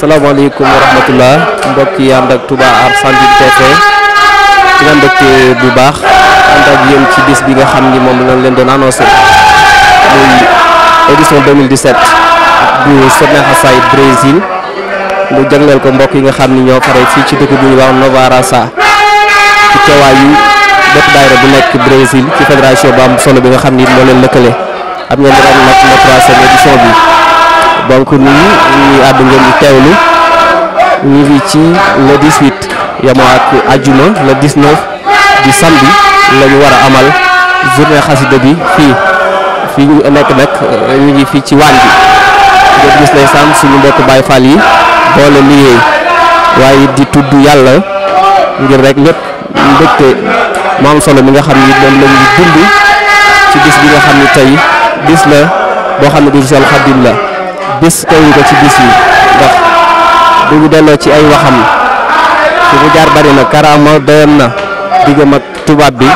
salaamaaleykum wa rahmatullah mbokk yi ànd ak Touba Argentine TV dina mbégte bu baax ànd ak yéen ci bis bi nga xam ni moom lañ leen doon annoncé muy édition 2017 bu Sonia Xasaay Brésil mu jagleel ko mbokk yi nga xam ni ñoo fare fii ci dëkk bu ñuy wax Nova Araçá ci teewaayu bépp daayira bu nekk Brésil ci fédération baa am solo bi nga xam ni moo leen lëkkale am ngeen di ren nag édition bi. donc ñu ngi àdd ngeen di teewlu ñu ngi ci le 18 yemoo ak ajuma le 19 di samedi la ñu war a amal journée xasida bi fii fii ñu nekk nag euh, ñu ngi fii ci waañ bi ngeen gis lay sàmm suñu mbokk Baay Faal yi boole liggéey waaye di tudd yàlla ngir rek lépp mbégte mu am solo mi nga xam ne moom la ñuy dund ci gis bi nga xam ni tey bis la boo xam ne du Seexul Xaadim la bis teewuñ ko ci bis yi ndax bu ñu delloo ci ay waxam fi mu jaar bari na karaama doyoon na diggam ak tubaab bi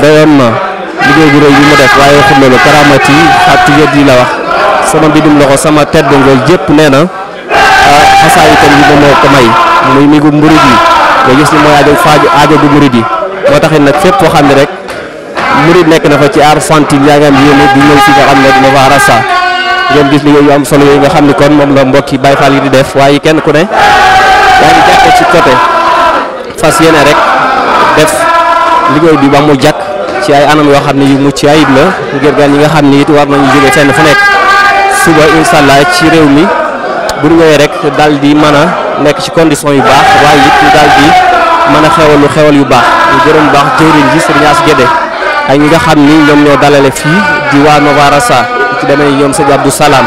doyoon na liggéey bu rëy bi mu def waaye waxul loolu karaamati ak tijjat yi la wax sama mbindum loxo sama tedd ngol jëpp nee na ah, xasaay itam yi moom moo ko may muy migu murid yi nga gis ni mooy aajo faaju aajo gu murid yi moo taxit nag fépp foo xam ne rek murid nekk na fa ci Argentine yaa ngi am yéene di ñëw fi nga xam ne dina fa arasa ngeen gis liggéey yu am solo yooyu nga xam ni kon moom la mbokki Baye Fall yi di def waaye kenn ku ne yaa ngi jàkkee ci côté fas yéene rek def liggéey bi ba mu jàkk ci ay anam yoo xam ne yu mucc ayib la ngir gan yi nga xam ni it war nañu jóge fenn fu nekk suba incha allah ci réew mi bu ñëwee rek daal di mën a nekk ci condition yu baax waaye ñu daal mën a xewal lu xewal yu baax ñu baax jëwriñ ji Serigne Ass Guédé ak nga xam ni ñoom ñoo dalale fii di waa Novarasa ci demee ñoom sëñ Abdou Salam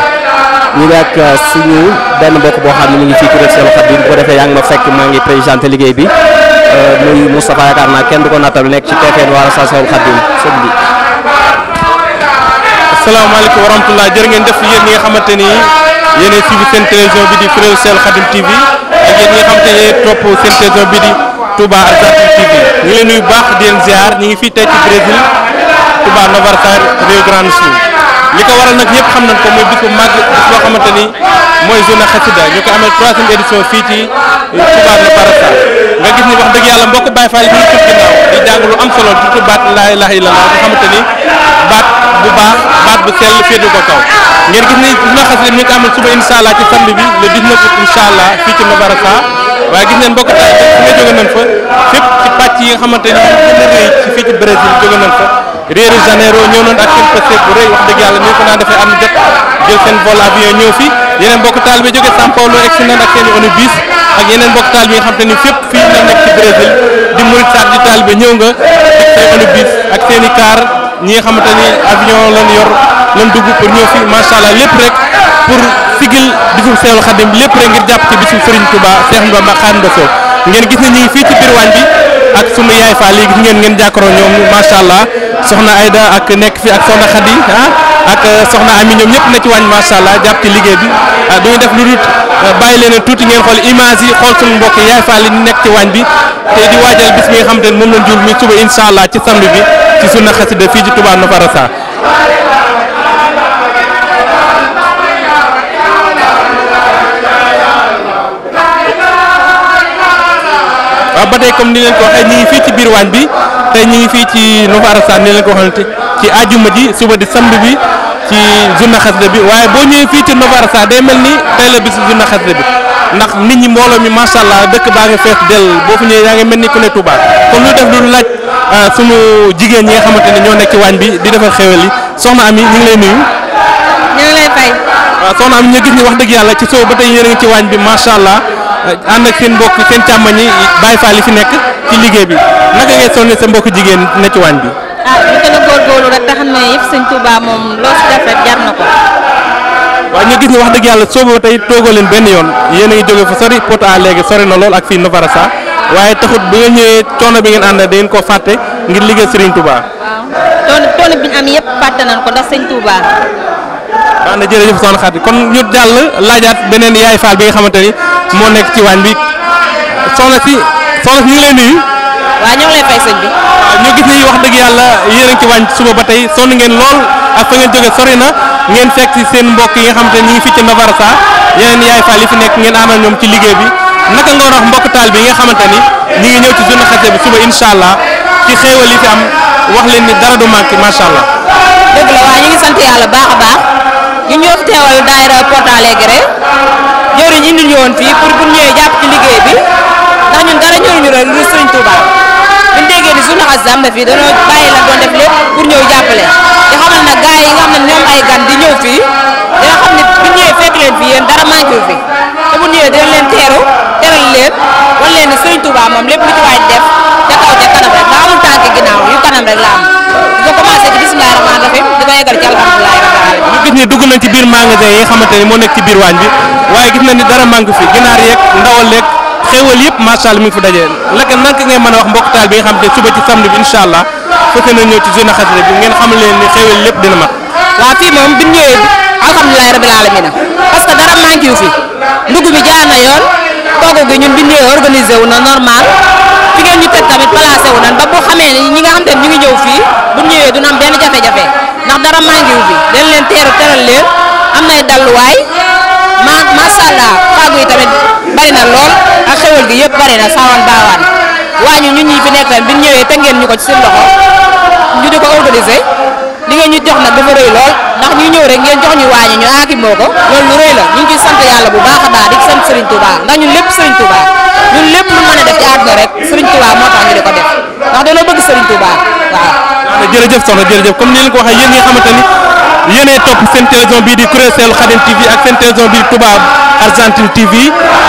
ñu ngi euh, suñu benn mbokk boo xam ne ñu ngi fii ci Kër Cheikhoul Khadim bu ko defee yaa ngi ma fekk maa ngi présenté liggéey bi euh, muy Moustapha yaakaar naa kenn du ci TFM Waara Cheikhoul Khadim bi. asalaamaaleykum wa rahmatulah ngeen def yéen ñi nga xamante ni yéen seen télévision bi di Kër Cheikhoul Khadim TV ak yéen ñi xamante ne topp seen télévision bi di Touba Argentine TV ñu ngi leen nuyu baax di leen ziar ñu ngi fi tey ci Brésil Touba Nova Rio Grande Sul li ko waral nag ñëpp xam nañ ko mooy bis bu màgg xamante ni mooy journée xasida ñu ko amal troisième édition fii ci Touba la Parasa nga gis ni wax dëgg yàlla mbokk Baye Fall yi ñu ngi ginnaaw di jàng lu am solo surtout baat laa ilaaha illallaah nga xamante ni baat bu baax baat bu sell féetu ko kaw ngeen gis ni journée xasida ñu ko amal suba incha allah ci samedi bi le fii ci Mabarasa waaye gis ngeen mbokk daal fu nga jóge nañ fa fépp ci pàcc yi nga xamante ni ñu ci fii ci Brésil jóge nañ fa Rio de Janeiro ñëw noonu ak seen pësté bu wax dëgg yàlla ni ko naan defee am jot jël seen vol avion ñëw fi yeneen mbokk taalibe bi jógee São Paulo egsi nañ ak i onibus ak yeneen mbokk taalibe bi nga xam te ni fépp fii la nga ak say onibus ak seen car ñi nga xamante ni avion lañ yor lañ dugg pour ñëw fi macha allah lépp rek pour sigil bisum Seexul Xadim lépp rek ngir jàpp ci bisum Serigne Touba Cheikh Mbamba Xaadimu Rasuul ngeen gis ne ñu ngi fii ci biir waañ bi ak sunu yaay Fall yi gis ngeen ngeen jàkkaaroo ñoom macha allah soxna Aida ak nekk fi ak soxna Khady ah ak euh, soxna Ami ñoom ñëpp na ci waañ macha allah jàpp ci liggéey bi ah, du def lu dul euh, bàyyi leen tuuti ngeen xool image yi xool sunu mbokk yaay Fall yi nekk ci waañ bi te di waajal bis mi nga xam te ne suba incha allah ci samedi bi ci sunna xasida fii ci Touba Nouveau Arafa ba tey comme ni leen ko waxee ñu ngi fii ci biir waañ bi tey ñu ngi fii ci Nouveau Arastane ni leen ko waxee ci ajuma ji suba di samedi bi ci journée xasida bi waaye boo ñëwee fii ci Nouveau Arastane day mel ni tey la bisu journée xasida bi ndax nit ñi mbooloo mi macha allah dëkk baa ngi fees dell boo fi ñëwee yaa ngi mel ni ku ne Touba kon lu def lu laaj euh, sunu jigéen ñee nga xamante ne ñoo nekk ci waañ bi di defar xewel yi soxna Ami ñu ngi lay nuyu. ñu ngi lay fay. waaw ñu dëgg yàlla ci soo ba tey yéen ngi ci waañ bi macha allah Euh, ànd ak seen mbokk seen càmmañ yi Baye Fall yi fi nekk ci liggéey bi naka ngay sonne sa mbokk jigéen ne ci waañ bi. ah sëñ Touba moom loo ñu gis ne wax dëgg yàlla soobu tey toogoo leen benn yoon yéen a ngi jóge fa sori Potou à léegi sori na lool ak fii Novara Sarr waaye taxut bi nga ñëwee coono bi ngeen ànd da ngeen koo fàtte ngir liggéey Serigne Touba. waaw coono bi ñu am yëpp fàtte ko ndax sëñ Touba waaw na jërëjëf soxna Khady kon ñu jàll laajaat beneen yaay faal bi nga xamante moo nekk ci waañ bi soxna si soxna si ñu ngi lay nuyu. waaw ñu ngi lay fay sëñ dëgg yàlla yéen a ngi ci waañ ba tey sonn ngeen lool ak fa ngeen jógee na ngeen fekk si seen mbokk yi nga xamante ni ñu ngi fii ci Navarasa yeneen yaay faal yi fi nekk ngeen àndal ñoom ci liggéey bi naka nga wax mbokk taal bi nga xamante ni ñu ngi ñëw ci journée xasida bi suba incha allah ci xéewal yi fi am wax leen ni dara du manqué macha allah. dëgg la waaw ñu ngi sant yàlla baax a ñu ñoo fi teewal daayira Porte à l'Agré jëriñ ñu woon fii pour bu ñëwee jàpp liggéey bi ndax ñun dara ñëw ñu rek lu Sëriñ Touba buñ déggee ni suñu xas am fii dañoo bàyyi la doon def lépp pour ñëw jàppale di xamal na gaay yi nga xam ne ñoom ay gan di ñëw fii dina xam ne bu fekk leen fii yéen dara manqué fi te bu ñëwee leen teeru teral leen wan leen ne Sëriñ moom lépp lu waay def ca kaw ca kanam rek nga amul tànk ginnaaw yu kanam rek la ni dugg nañ ci biir magasin yi nga xamante ni moo nekk ci biir waañ bi waaye gis nañ ni dara manque fi ginaar yeeg ndawal yeeg xéwal yëpp macha allah mi ngi fi daje naka naka ngay a wax mbokk taal bi nga xam te suba ci samedi bi incha allah fekk na ñëw ci journée xasida bi ngeen xam leen ni xéwal dina mat. waaw fii moom bi ñu ñëwee alhamdulilah rabil aalamiina dara manqué wu fi ndugg bi jaar yoon togg gi ñu ñëwee organisé na normal. ñoo ñu tëj tamit placé wu nan ba bu xamee ni ñi nga xam te ñu ngi ñëw fii bu ñëwee duna am benn jafe-jafe ndax dara mangiwu bi dañ leen teeru teral leen am nay dalluwaay ma macha allah fàggu yi tamit bari na lool ak xewal gi yëpp bari na saawaan baawaan waañu ñun ñi fi nekk bi ñëwee te ngeen ñu ko ci seen ñu di ko organiser li ngeen ñu jox nag dafa rëy lool ndax ñu ñëw rek ngeen jox ñu waañi ñu aakimoo ko loolu lu rëy la ñu ngi sant yàlla bu baax a baax di sant Serigne Touba ndax ñun lépp Serigne Touba ñun lépp lu mën a def ci àdduna rek Serigne Touba moo tax ñu di ko comme ni leen ko waxee yéen nga xamante ni topp seen télévision bii di kuréel Khadim TV ak seen télévision bii Touba Argentine TV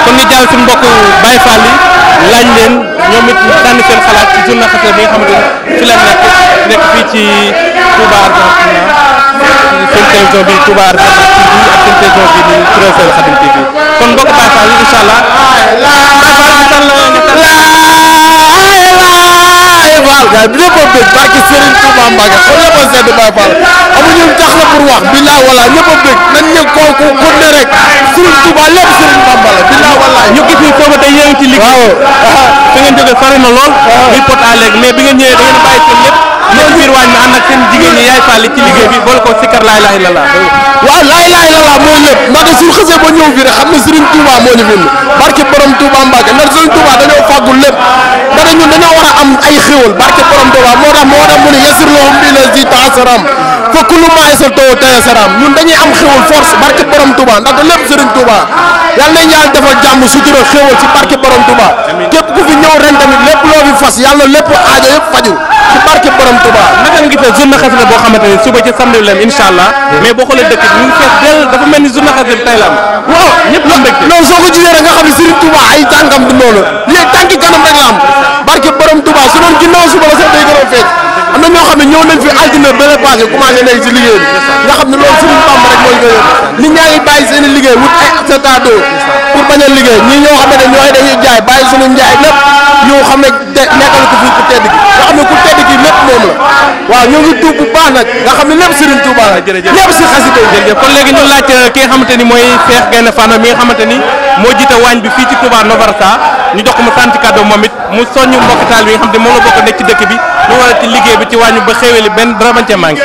kon ni jàll suñu mbokk Baye Fall yi laaj leen ñoom it tànn seen xalaat ci journée xasida bi nga xamante fi la nekk Ah. Touba Argentine seen télévision bi Touba Argentine TV ak seen télévision bi di Kërëfër Khadim TV kon a a la pour wax bilaa wala a ñu gis ni foofu tey yéen ci liggéey fi ngeen jógee sori na lool muy pot à léegi bi ngeen ñëwee waañ mi ànd ak seen jigéen ñi yaay fàlli ci liggéey bi boole ko sikkar laa ilaaha illallaah waaw laa ilaaha illallaah mooy lépp ndaxte suñu xësee ba ñëw xam ne Serigne Touba moo ñu barke borom Touba Mbacke ndax Serigne Touba dañoo fàggul lépp ndaxte ñun dañoo war a am ay xéwal barke borom Touba moo tax moo tax mu yasir lahum bi la si taasaram fa kullu maa yasaltoo tey saraam ñun dañuy am xéwal force barke borom Touba ndax lépp Serigne Touba yàlla nañu yàlla defal jàmm sutura xéwal ci barke borom Touba képp ku fi ñëw ren lépp loo fi fas yàlla lépp aajo yëpp faju ci barke borom Touba naka nga gisee journée suba ci samedi leen incha mais boo xoolee dëkk ñu dafa mel ni journée xasida bi nga xam ne Serigne Touba ay tànkam du loolu léegi tànki kanam barke borom Touba su doon ginnaaw suba la a journée bële passé commencé nekk ci liggéey bi nga xam ne loolu Serigne Bamba rek mooy gën nit ñaa ngi bàyyi seen i liggéey wut ay acceptado a liggéey ñii ñoo xam ne ñooy dañuy jaay bàyyi sunu njaay lépp ñu xam ne nekkal ko fii ku tedd gi nga xam ne ku tedd gi lépp moom la waaw ñoo ngi tuub bu baax nag nga xam ne lépp Serigne Touba la lépp si xasida jërëjëf kon léegi ñu laaj euh, ki nga xamante ni mooy Cheikh Gaïndé Fatma mi nga xamante ni moo jiite waañ bi fii ci Touba Novarata ñu jox ko mu sant ci kàddu moom it mu soññ mbokk taal bi nga xam ne moom la bokk nekk ci dëkk bi lu war ci liggéey bi ci wàññi ba xéwali benn dara bañ ca manqué.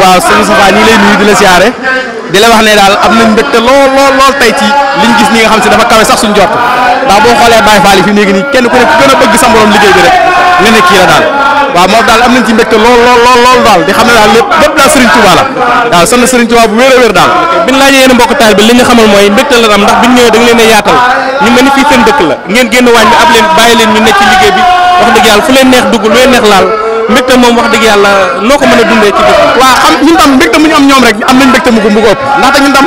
waaw sëñ Safa ñi lay nuyu di la siyaare di la wax ne daal am nañ mbégte lool lool lool tey ci liñ gis ñi nga xam si dafa kawe sax suñu jot ndax boo xoolee Baye Fall yi fi mu nekk nii kenn ku ne ku gën a bëgg sa morom liggéey bi rek nga ne kii la daal waaw moom daal am nañ ci mbégte lool lool lool lool daal di xam ne daal lépp lépp daal Serigne Touba la waaw sant Serigne Touba bu wér a wér daal biñ laajee yéen mbokk taal bi li ñu da a nekk liggéey bi wax dëgg yàlla fu leen neex dugg lu leen neex laal mbégte moom wax dëgg yàlla noo ko mën a dundee ci dëkk waaw xam ñun tam mbégte mu ñu am ñoom rek am nañ mbégte mu ko ëpp ndaxte ñun tam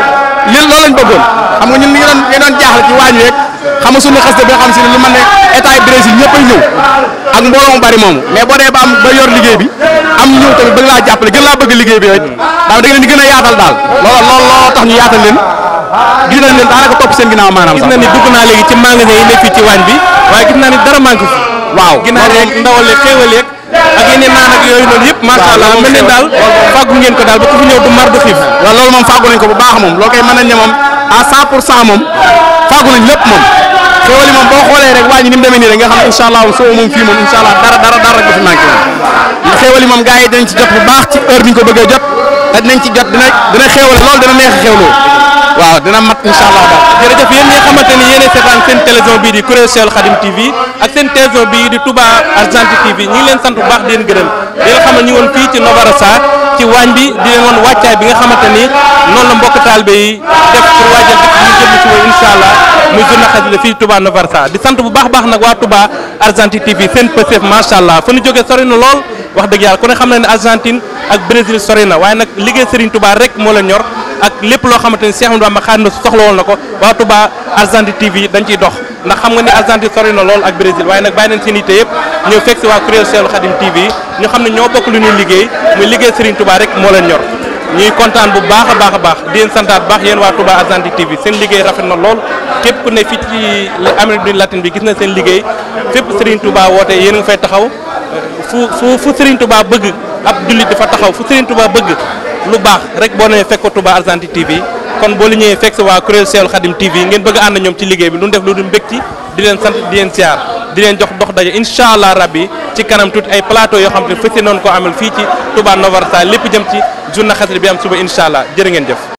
lii loolu bëggoon xam nga ñun li nga doon jaaxle ci waañ rek xam nga suñu xaste bi nga xam si ne lu ma ne état yi Brésil ak mbooloo mu bari moomu mais boo dee ba am ba yor liggéey bi am ñëw tamit bëgg laa jàppale gën laa bëgg liggéey bi it daal da ngeen di gën a daal loolu loolu looloo tax ñu yaatal leen gis nañ leen daanaka topp seen ginnaaw maanaam na ni dugg naa léegi ci magasin yi nekk fii ci waañ bi waaye gis naa ni dara manque fi waaw ginnaaw rek ndawal ak yeneen naan ak yooyu noonu yëpp macha allah mel ne ko daal ba ku fi ñëw du mar du moom fàggu nañ ko bu baax moom loo koy moom à 100 pour cent moom fàggu nañ lépp moom xéwal moom boo xoolee rek waa ñi ni rek nga xam ne incha allah moom fii dara dara dara du fi manqué moom xéwal yi moom gars yi ci jot bu baax ci heure bi ko bëggee jot te dinañ ci jot dina dina xéwale loolu neex a xéwloo waaw dina mat incha allah daal jërëjëf yéen ñi xamante ni yéen seetaan seen bii di Kuréel Khadim TV ak seen télévision bii di Touba Argentine TV ñu ngi leen sant bu baax di leen gërëm di leen xamal woon fii ci Novarasa ci waañ bi di leen bi nga xamante ni noonu la mbokk taalibe yi def pour waajal dëkk bi ñu jëm ci woon incha di sant bu baax baax nag waa Touba Argentine TV seen pëseef macha allah fu ñu jógee sori na lool wax dëgg yàlla ne xam na ne Argentine ak Brésil sori na waaye nag liggéey Serigne Touba rek moo la ñor ak lépp loo xamante ni Cheikh Ahmadou Bamba xaar na soxla woon na ko waa Touba Argentine TV dañ ciy dox ndax xam nga ne Argentine sori na lool ak Brésil waaye nag bàyyi nañ seen yitte yëpp ñëw fekk si waa kuréel Cheikhoul Khadim TV ñu xam ne ñoo bokk lu ñuy liggéey muy liggéey Serigne Touba rek moo leen ñor ñuy kontaan bu baax a baax a baax di leen santaat baax yéen waa Touba Argentine TV seen liggéey rafet na lool képp ku ne fii ci Amérique du Latine bi gis na seen liggéey fépp Serigne Touba woote yéen nga fay taxaw fu fu fu Serigne Touba bëgg ab jullit dafa taxaw fu Serigne Touba bëgg lu baax rek boo nee fekk ko Touba Argentine kon boo li ñëwee fekk si waa kuréel Seexul Xadim TV ngeen bëgg a ànd ñoom ci liggéey bi lu def lu dul mbégti di leen sant di leen siyaar di leen jox dox daje incha allah rabbi ci kanam tuuti ay palato yoo xam te fësee noonu ko amal fii ci Touba Novarta lépp jëm ci journée xasida bi am suba incha allah ngeen jëf